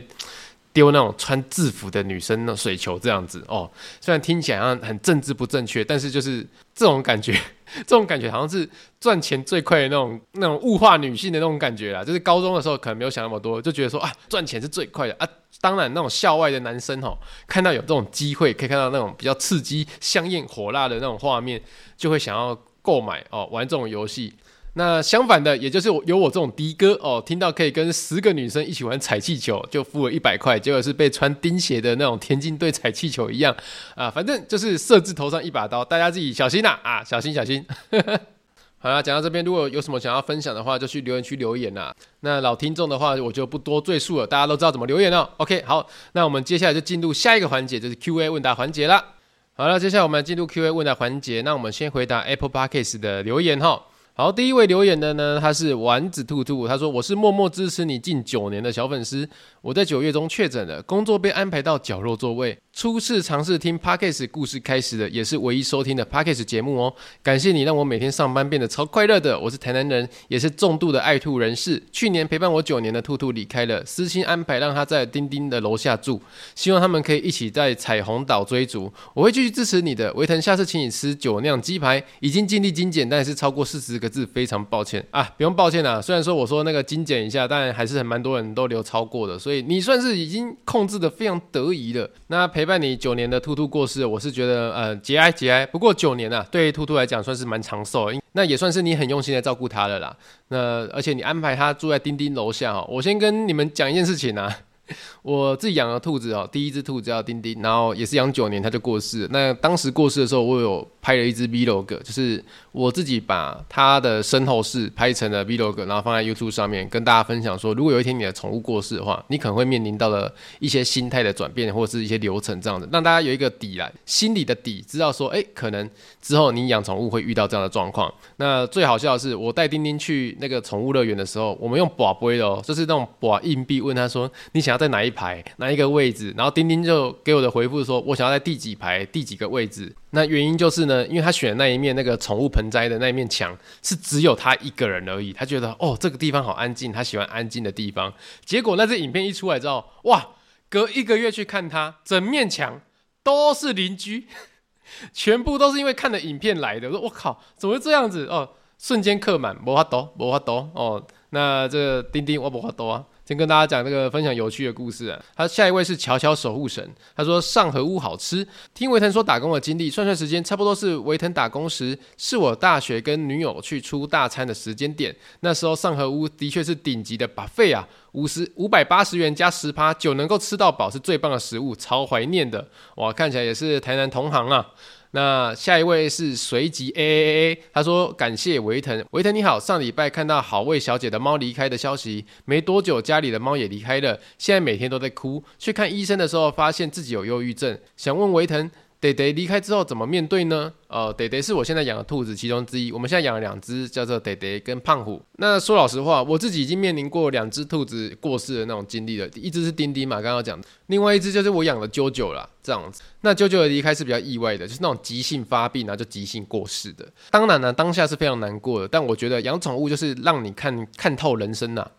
丟那種穿制服的女生那水球這樣子哦。雖然聽起來好像很政治不正確，但是就是這種感覺。這種感覺好像是賺錢最快的那種、那種物化女性的那種感覺啦，就是高中的時候可能沒有想那麼多，就覺得說啊，賺錢是最快的啊。當然，那種校外的男生吼、喔，看到有這種機會，可以看到那種比較刺激、香艷火辣的那種畫面，就會想要購買哦、喔，玩這種遊戲。那相反的，也就是有我這種的哥哦，聽到可以跟十個女生一起玩踩氣球，就付了一百塊，結果是被穿釘鞋的那種田徑隊踩氣球一樣啊，反正就是色字頭上一把刀，大家自己小心吶啊，啊，小心小心。呵呵，好啦，講到這邊，如果有什麼想要分享的話，就去留言區留言啦，啊。那老聽眾的話，我就不多贅述了，大家都知道怎麼留言了，哦。OK，好，那我們接下來就進入下一個環節，就是 Q&A 問答環節啦。好了，接下來我們進入 Q&A 問答環節，那我們先回答 Apple Podcast 的留言哦。好，第一位留言的呢，他是丸子兔兔，他說，我是默默支持你近九年的小粉絲，我在九月中確診了，工作被安排到角落座位。初次嘗試聽 Podcast 故事開始的，也是唯一收聽的 Podcast 節目哦。感謝你讓我每天上班變得超快樂的。我是台南人，也是重度的愛兔人士。去年陪伴我九年的兔兔離開了，私心安排讓他在丁丁的樓下住，希望他們可以一起在彩虹島追逐。我會繼續支持你的，維騰。下次請你吃酒釀雞排。已經盡力精簡，但是超過四十個字，非常抱歉啊。不用抱歉啦、啊，雖然說我說那個精簡一下，但還是很蠻多人都留超過的，所以你算是已經控制得非常得宜了。那陪伴你九年的兔兔過世，我是覺得呃節哀節哀。不過九年吶、啊，對兔兔來講算是蠻長壽，那也算是你很用心的照顧它了啦。那而且你安排它住在丁丁樓下、哦、我先跟你們講一件事情啊。我自己養的兔子哦，第一隻兔子叫丁丁，然後也是養九年，它就過世了。那當時過世的時候，我有拍了一支 vlog，就是我自己把它的身後事拍成了 vlog，然後放在 YouTube 上面跟大家分享說，如果有一天你的寵物過世的話，你可能會面臨到了一些心態的轉變，或者是一些流程這樣子，讓大家有一個底來心裡的底，知道說，哎，可能之後你養寵物會遇到這樣的狀況。那最好笑的是，我帶丁丁去那個寵物樂園的時候，我們用博杯哦，就是那種博硬幣問他說，你想要在哪一排哪一個位置？然後丁丁就給我的回復說：“我想要在第幾排第幾個位置。”那原因就是呢，因為他選的那一面那個寵物盆栽的那一面牆是只有他一個人而已。他覺得哦，這個地方好安靜，他喜歡安靜的地方。結果那支影片一出來之後，哇！隔一個月去看他，整面牆都是鄰居， 全部都是因為看了影片來的。我說：“我靠，怎麼會這樣子？”哦，瞬間客滿，沒辦法，沒辦法哦。那這丁丁我沒辦法啊。先跟大家講這個分享有趣的故事啊，他下一位是巧巧守護神，他說上河屋好吃，聽維騰說打工的經歷，算算時間差不多是維騰打工時，是我大學跟女友去出大餐的時間點，那時候上河屋的確是頂級的 buffet 啊，五十五百八十元加十趴就，能夠吃到飽是最棒的食物，超懷念的，哇，看起來也是台南同行啊。那下一位是隨即，A A A A，他說：“感謝維騰，維騰你好，上禮拜看到好位小姐的貓離開的消息，沒多久家裡的貓也離開了，現在每天都在哭，去看醫生的時候發現自己有憂鬱症，想問維騰。”得得離開之後怎麼面對呢？呃，得得是我現在養的兔子其中之一。我們現在養了兩隻，叫做得得跟胖虎。那說老實話，我自己已經面臨過兩隻兔子過世的那種經歷了，一隻是丁丁嘛，剛剛講，另外一隻就是我養的啾啾啦。這樣子。那啾啾的離開是比較意外的，就是那種急性發病然後就急性過世的。當然呢、啊，當下是非常難過的，但我覺得養寵物就是讓你看看透人生吶、啊。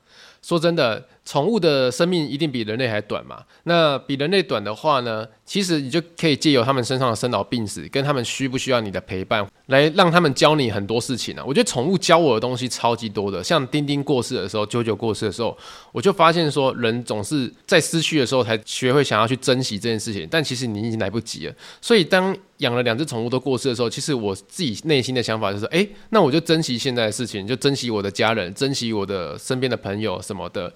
說真的。寵物的生命一定比人類還短嘛，那比人類短的話呢，其實你就可以借由他們身上的生老病死，跟他們需不需要你的陪伴，來讓他們教你很多事情啊！我覺得寵物教我的東西超級多的。像丁丁過世的時候，久久過世的時候，我就發現說，人總是在失去的時候才學會想要去珍惜這件事情，但其實你已經來不及了。所以當養了兩隻寵物都過世的時候，其實我自己內心的想法就是：哎、欸，那我就珍惜現在的事情，就珍惜我的家人，珍惜我的身邊的朋友什麼的。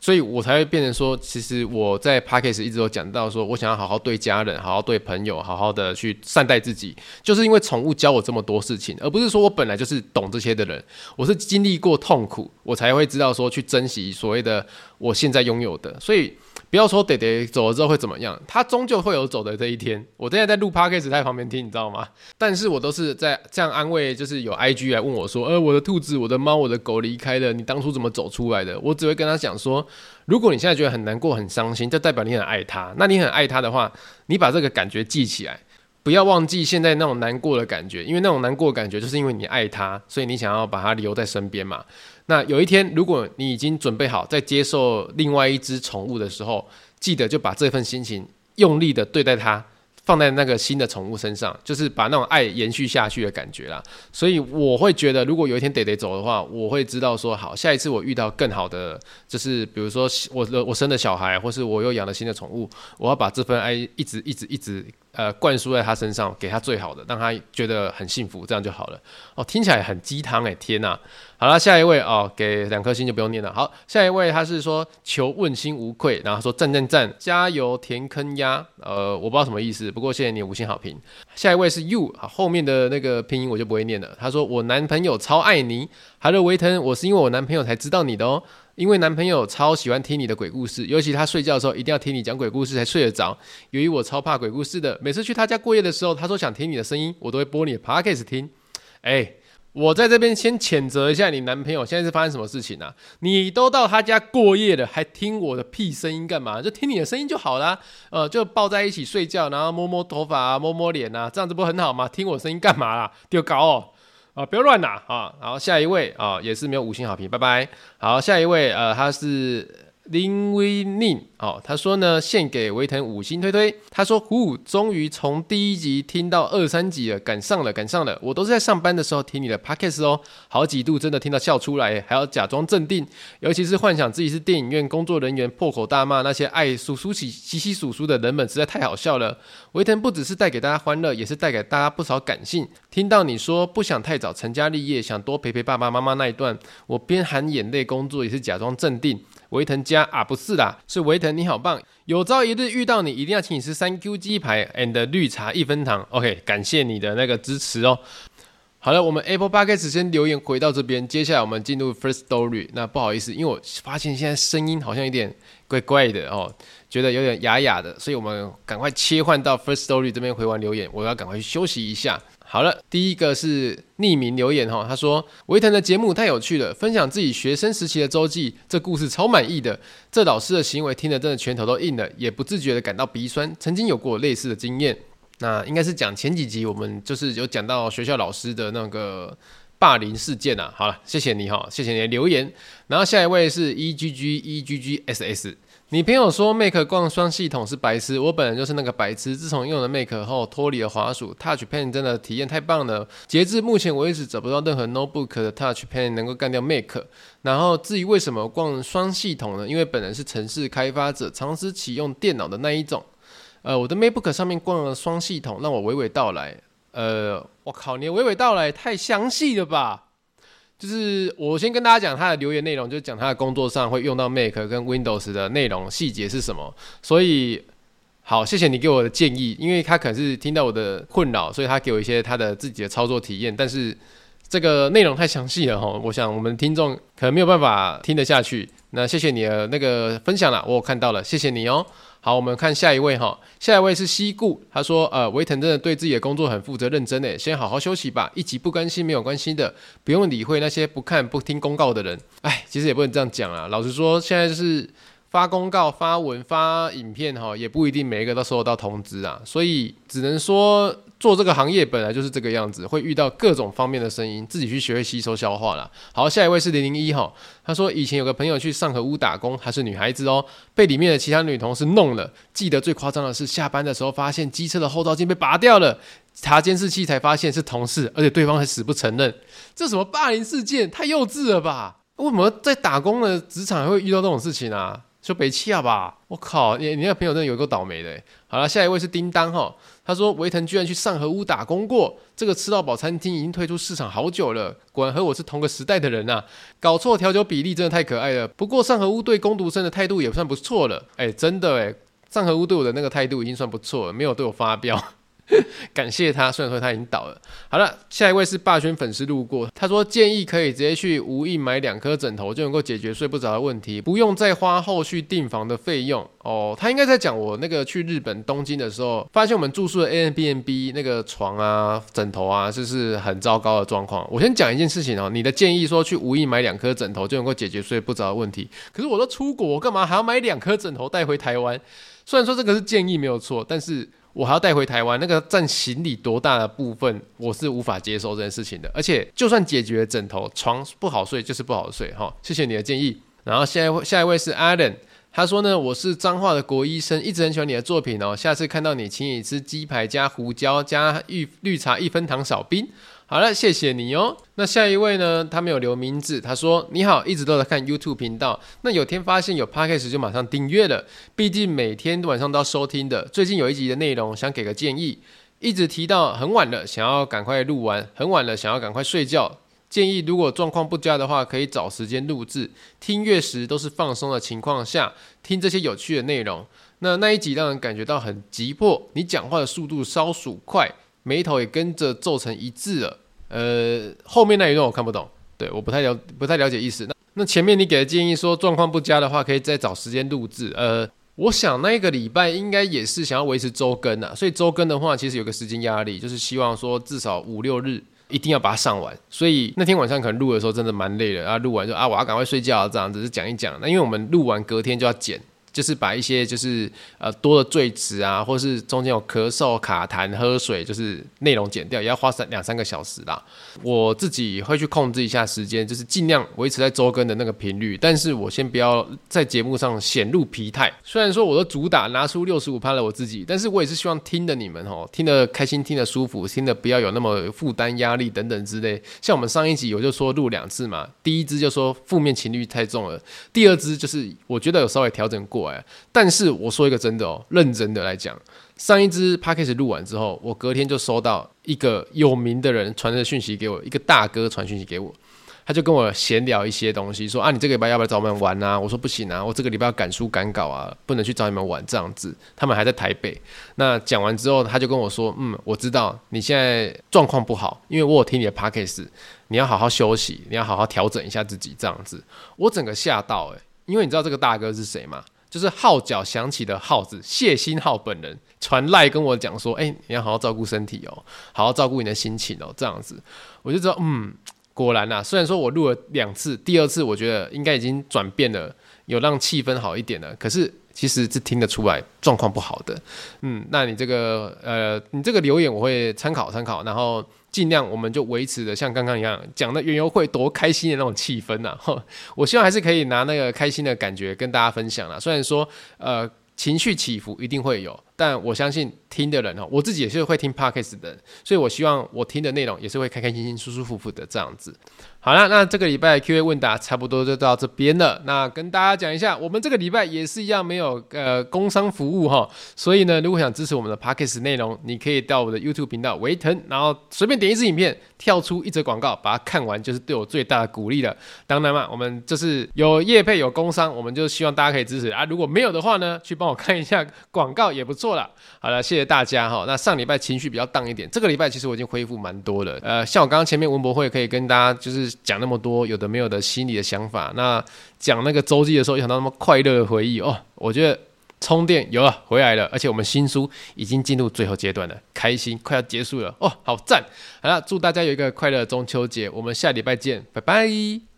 所以我才會變成說，其實我在 podcast 一直都講到，說我想要好好對家人，好好對朋友，好好的去善待自己，就是因為寵物教我這麼多事情，而不是說我本來就是懂這些的人，我是經歷過痛苦，我才會知道說去珍惜所謂的。我現在擁有的，所以不要說爹爹走了之後會怎麼樣，他終究會有走的這一天。我現在在錄 Podcast，在旁邊聽，你知道嗎？但是我都是在這樣安慰，就是有 IG 來問我說，呃，我的兔子、我的貓、我的狗離開了，你當初怎麼走出來的？我只會跟他講說，如果你現在覺得很難過、很傷心，就代表你很愛他。那你很愛他的話，你把這個感覺記起來。不要忘記現在那種難過的感覺，因為那種難過的感覺就是因為你愛他，所以你想要把他留在身邊嘛。那有一天，如果你已經準備好再接受另外一隻寵物的時候，記得就把這份心情用力的對待他，放在那個新的寵物身上，就是把那種愛延續下去的感覺啦。所以我會覺得，如果有一天得得走的話，我會知道說好，下一次我遇到更好的，就是比如說我我生了小孩，或是我又養了新的寵物，我要把這份愛一直一直一直。呃，灌輸在他身上，給他最好的，讓他覺得很幸福，這樣就好了。哦，聽起來很雞湯哎，天吶、啊！好了，下一位哦，給兩顆星就不用念了。好，下一位他是說求問心無愧，然後說讚讚讚，加油填坑鴨。呃，我不知道什麼意思，不過謝謝你五星好評。下一位是 you，好，後面的那個拼音我就不會念了。他說我男朋友超愛你。哈囉，維騰，我是因為我男朋友才知道你的哦。因為男朋友超喜歡聽你的鬼故事，尤其他睡覺的時候一定要聽你講鬼故事才睡得着。由於我超怕鬼故事的，每次去他家過夜的時候，他說想聽你的聲音，我都會播你的 podcast 聽。哎，我在這邊先譴責一下你男朋友，現在是發生什麼事情啊？你都到他家過夜了，還聽我的屁聲音幹嘛？就聽你的聲音就好啦啊呃，就抱在一起睡覺，然後摸摸頭髮啊，摸摸臉啊，這樣子不很好嗎？聽我聲音幹嘛啦？丟搞哦！啊，不要亂拿啊！好，下一位啊，也是沒有五星好評，拜拜。好，下一位，呃，他是。林威寧哦，他說呢，獻給維騰五星推推。他說，呼，終於從第一集聽到二三集了，趕上了，趕上了。我都是在上班的時候聽你的 Podcast 哦，好幾度真的聽到笑出來，還要假裝鎮定。尤其是幻想自己是電影院工作人員，破口大罵那些愛數叔、吸吸吸數數的人們，實在太好笑了。維騰不只是帶給大家歡樂，也是帶給大家不少感性。聽到你說不想太早成家立業，想多陪陪爸爸媽媽那一段，我邊含眼淚工作，也是假裝鎮定。維騰家，啊，不是啦，是維騰，你好棒！有朝一日遇到你，一定要請你吃三 Q 雞排 and 綠茶一分糖。OK，感謝你的那個支持哦。好了，我們 Apple Podcast 先留言回到這邊，接下來我們進入 First Story。那不好意思，因為我發現現在聲音好像有點怪怪的哦，覺得有點啞啞的，所以我們趕快切換到 First Story 這邊回完留言，我要趕快去休息一下。好了，第一個是匿名留言哈，他說維騰的節目太有趣了，分享自己學生時期的周記，這故事超滿意的。這老師的行為聽得真的拳頭都硬了，也不自覺的感到鼻酸。曾經有過類似的經驗，那應該是講前幾集，我們就是有講到學校老師的那個霸凌事件吶、啊。好了，謝謝你哈，謝謝你的留言。然後下一位是 EGG EGGSS。你朋友說 Mac 逛雙系統是白痴，我本人就是那個白痴。自從用了 Mac 後，脫離了滑鼠，Touch Pen 真的體驗太棒了。截至目前，我一直找不到任何 Notebook 的 Touch Pen 能夠幹掉 Mac。然後，至於為什麼逛雙系統呢？因為本人是程式開發者，嘗試啟用電腦的那一種。呃，我的 MacBook 上面逛了雙系統，讓我娓娓道來。呃，我靠，你娓娓道來太詳細了吧？就是我先跟大家講他的留言內容，就是講他的工作上會用到 Mac 跟 Windows 的內容細節是什麼。所以，好，謝謝你給我的建議，因為他可能是聽到我的困擾，所以他給我一些他的自己的操作體驗。但是這個內容太詳細了哈，我想我們聽眾可能沒有辦法聽得下去。那謝謝你的那個分享啦，我看到了，謝謝你哦。好，我們看下一位哈，下一位是西固，他說，呃，維騰真的對自己的工作很負責、認真呢，先好好休息吧，一直不更新沒有關係的，不用理會那些不看、不聽公告的人。哎，其實也不能這樣講啊，老實說，現在就是。發公告、發文、發影片，哈，也不一定每一個都收得到通知啊，所以只能說做這個行業本來就是這個樣子，會遇到各種方面的聲音，自己去學會吸收消化了。好，下一位是零零一哈，他說以前有個朋友去上河屋打工，還是女孩子哦，被裡面的其他女同事弄了。記得最誇張的是下班的時候發現機車的後照鏡被拔掉了，查監視器才發現是同事，而且對方還死不承認，這什麼霸凌事件？太幼稚了吧？為什麼在打工的職場還會遇到這種事情啊？說北七，好吧，我靠，你你那個朋友真的有夠倒霉的。好了，下一位是叮噹哈、哦，他說維騰居然去上閤屋打工過，這個吃到飽餐廳已經退出市場好久了。果然和我是同個時代的人啊，搞錯調酒比例真的太可愛了。不過上閤屋對工讀生的態度也算不錯了，哎、欸，真的哎，上閤屋對我的那個態度已經算不錯了，沒有對我發飆。 感謝他，雖然說他已經倒了。好了，下一位是霸權粉絲路過，他說建議可以直接去無印買兩顆枕頭就能夠解決睡不着的問題，不用再花後續訂房的費用。哦，他應該在講我那個去日本東京的時候，發現我們住宿的 Airbnb 那個床啊、枕頭啊，就是很糟糕的狀況。我先講一件事情哦、喔，你的建議說去無印買兩顆枕頭就能夠解決睡不着的問題，可是我都出國我幹嘛還要買兩顆枕頭帶回台灣？雖然說這個是建議沒有錯，但是。我還要帶回台灣，那個占行李多大的部分，我是無法接受這件事情的。而且，就算解決了枕頭床不好睡，就是不好睡哈。謝謝你的建議。然後下一位，下一位是 Allen，他說呢，我是彰化的國醫生，一直很喜歡你的作品哦、喔。下次看到你，請你吃雞排加胡椒加綠綠茶，一分糖少冰。好了，謝謝你哦。那下一位呢？他沒有留名字，他說：“你好，一直都在看 YouTube 頻道。那有天發現有 Podcast 就馬上訂閱了，畢竟每天晚上都要收聽的。最近有一集的內容想給個建議，一直提到很晚了，想要趕快錄完，很晚了想要趕快睡覺。建議如果狀況不佳的話，可以找時間錄制。聽樂時都是放鬆的情況下聽這些有趣的內容。那那一集讓人感覺到很急迫，你講話的速度稍屬快。”眉頭也跟着皺成一致了。呃，後面那一段我看不懂，對，我不太了不太了解意思。那那前面你給的建議說狀況不佳的話，可以再找時間錄製。呃，我想那一個禮拜應該也是想要維持週更啊。所以週更的話其實有個時間壓力，就是希望說至少五六日一定要把它上完。所以那天晚上可能錄的時候真的蠻累的，啊，錄完就啊我要趕快睡覺啊這樣子，只是講一講。那因為我們錄完隔天就要剪。就是把一些就是呃多的贅詞啊，或是中間有咳嗽、卡痰、喝水，就是內容剪掉，也要花三兩三個小時啦。我自己會去控制一下時間，就是盡量維持在周更的那個頻率。但是我先不要在節目上顯露疲態。雖然說我的主打拿出六十五趴了我自己，但是我也是希望聽的你們哦，聽得開心、聽得舒服、聽得不要有那麼負擔、壓力等等之類。像我們上一集我就說錄兩次嘛，第一支就說負面情緒太重了，第二支就是我覺得有稍微調整過。但是我說一個真的哦、喔，認真的來講，上一支 podcast 錄完之後，我隔天就收到一個有名的人傳的訊息給我，一個大哥傳訊息給我，他就跟我閒聊一些東西，說啊，你這個禮拜要不要找我們玩啊？我說不行啊，我這個禮拜要趕書趕稿啊，不能去找你們玩這樣子。他們還在台北。那講完之後，他就跟我說，嗯，我知道你現在狀況不好，因為我有聽你的 podcast，你要好好休息，你要好好調整一下自己這樣子。我整個嚇到哎、欸，因為你知道這個大哥是誰嗎？就是浩角翔起的浩子，謝炘浩本人傳賴跟我講說：“哎、欸，你要好好照顧身體哦，好好照顧你的心情哦。”這樣子，我就知道，嗯，果然吶、啊。雖然說我錄了兩次，第二次我覺得應該已經轉變了，有讓氣氛好一點了。可是其實是聽得出來狀況不好的，嗯。那你這個呃，你這個留言我會參考參考，然後，盡量我們就維持着像剛剛一樣講的園遊會多開心的那種氣氛吶、啊，我希望還是可以拿那個開心的感覺跟大家分享啦、啊、雖然說呃情緒起伏一定會有。但我相信聽的人哈，我自己也是會聽 Podcast 的，所以我希望我聽的內容也是會開開心心、舒舒服服的這樣子。好啦，那這個禮拜 Q&A 問答差不多就到這邊了。那跟大家講一下，我們這個禮拜也是一樣沒有呃工商服務哈，所以呢，如果想支持我們的 Podcast 內容，你可以到我的 YouTube 頻道維騰，然後隨便點一支影片，跳出一則廣告，把它看完就是對我最大的鼓勵了。當然嘛、啊，我們就是有業配有工商，我們就希望大家可以支持啊。如果沒有的話呢，去幫我看一下廣告也不錯。做了，好了，謝謝大家哈。那上禮拜情緒比較盪一點，這個禮拜其實我已經恢復蠻多了。呃，像我剛剛前面文博會可以跟大家就是講那麼多有的沒有的心理的想法。那講那個周記的時候，又想到那麼快樂的回憶哦，我覺得充電有了回來了，而且我們新書已經進入最後階段了，開心快要結束了哦，好讚！好了，祝大家有一個快樂中秋節，我們下禮拜見，拜拜。